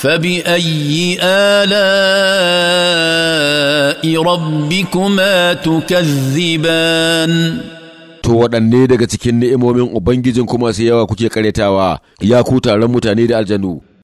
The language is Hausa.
فباي الاء ربكما تكذبان To waɗanne daga cikin ni'imomin Ubangijin kuma sai yawa kuke karetawa ya ku taron mutane da aljanu.